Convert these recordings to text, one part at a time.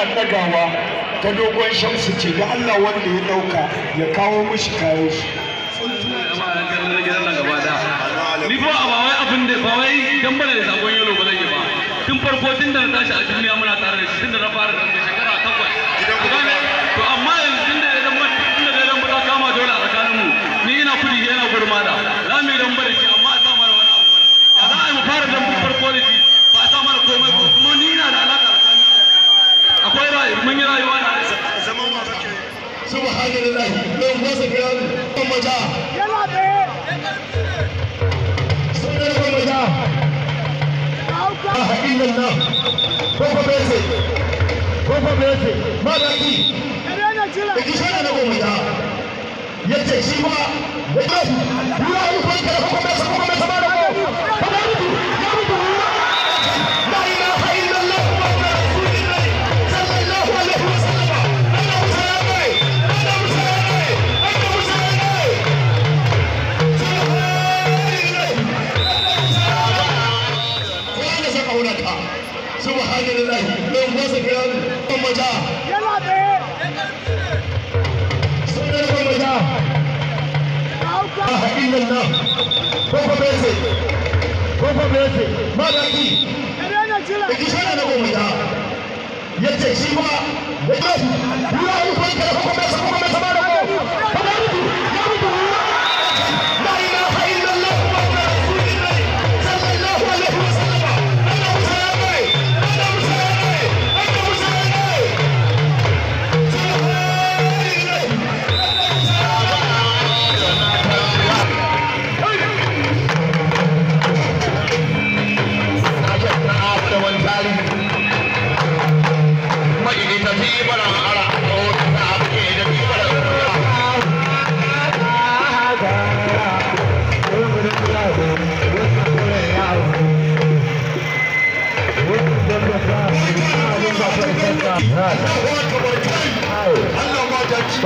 yana ɗagawa ta dogon shamsu ce da Allah wanda ya ɗauka ya kawo mishi kayo shi. Ni ba a bawai abin da bawai dan bane da sakon yalo ba zan yi ba. Tun farko tun da na tashi a duniya muna tare da shi tun da na fara alhamdulillah don wasu kiran maja sunan a haƙiƙin ko fa bese ko fa bese ma da ki da ki shana na gwamnata yace shi ma da ya yi kuma bese even now. Proper blessing. Proper blessing. Mother E. You are a good person. You are a good person. You a good person. You are a good person. You are a good Allah ma ta ci.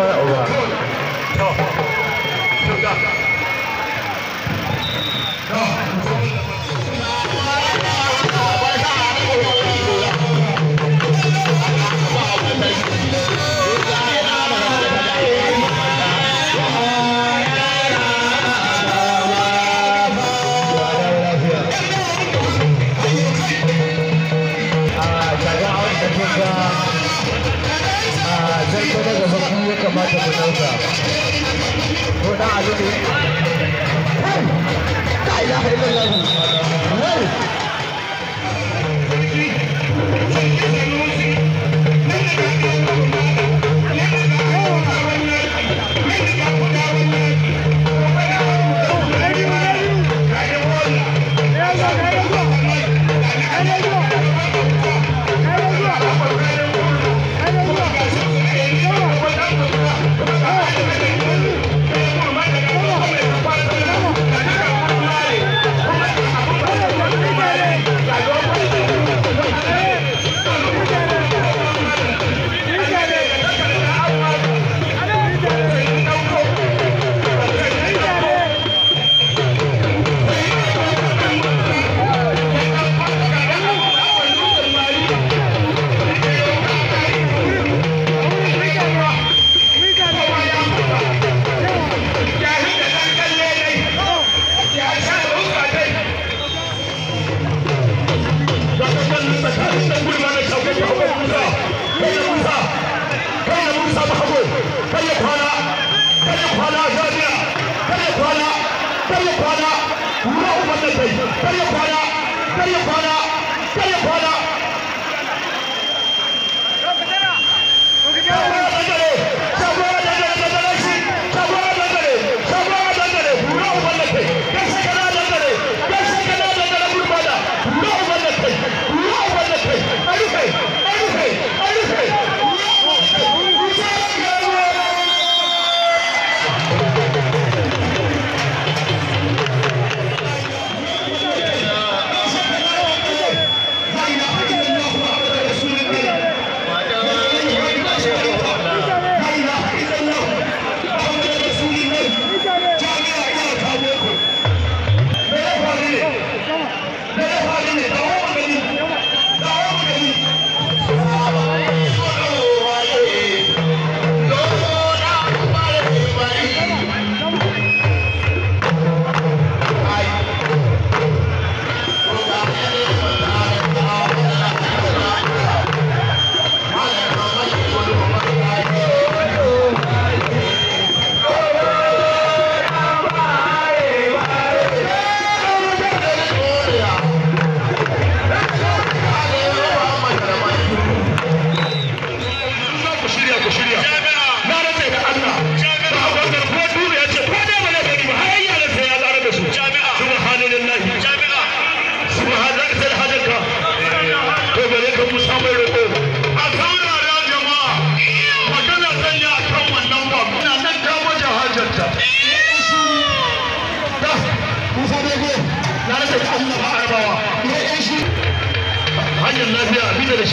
kamata mu dauka ko dan abu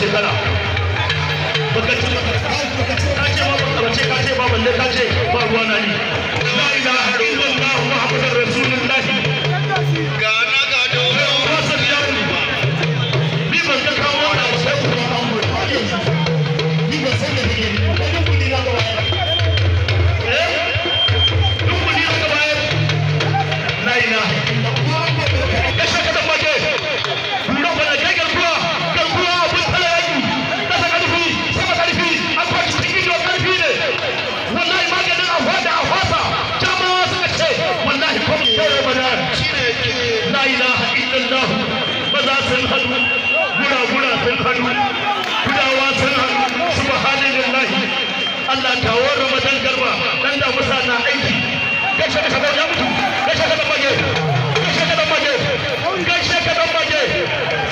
shekara baka ce ba balle ka ce ba ruwa na ni sun hadu gura-gura sun hadu gudawa sun hadu subhanallahi Allah na aiki gaishe maje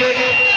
রেখে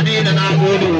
Thank you.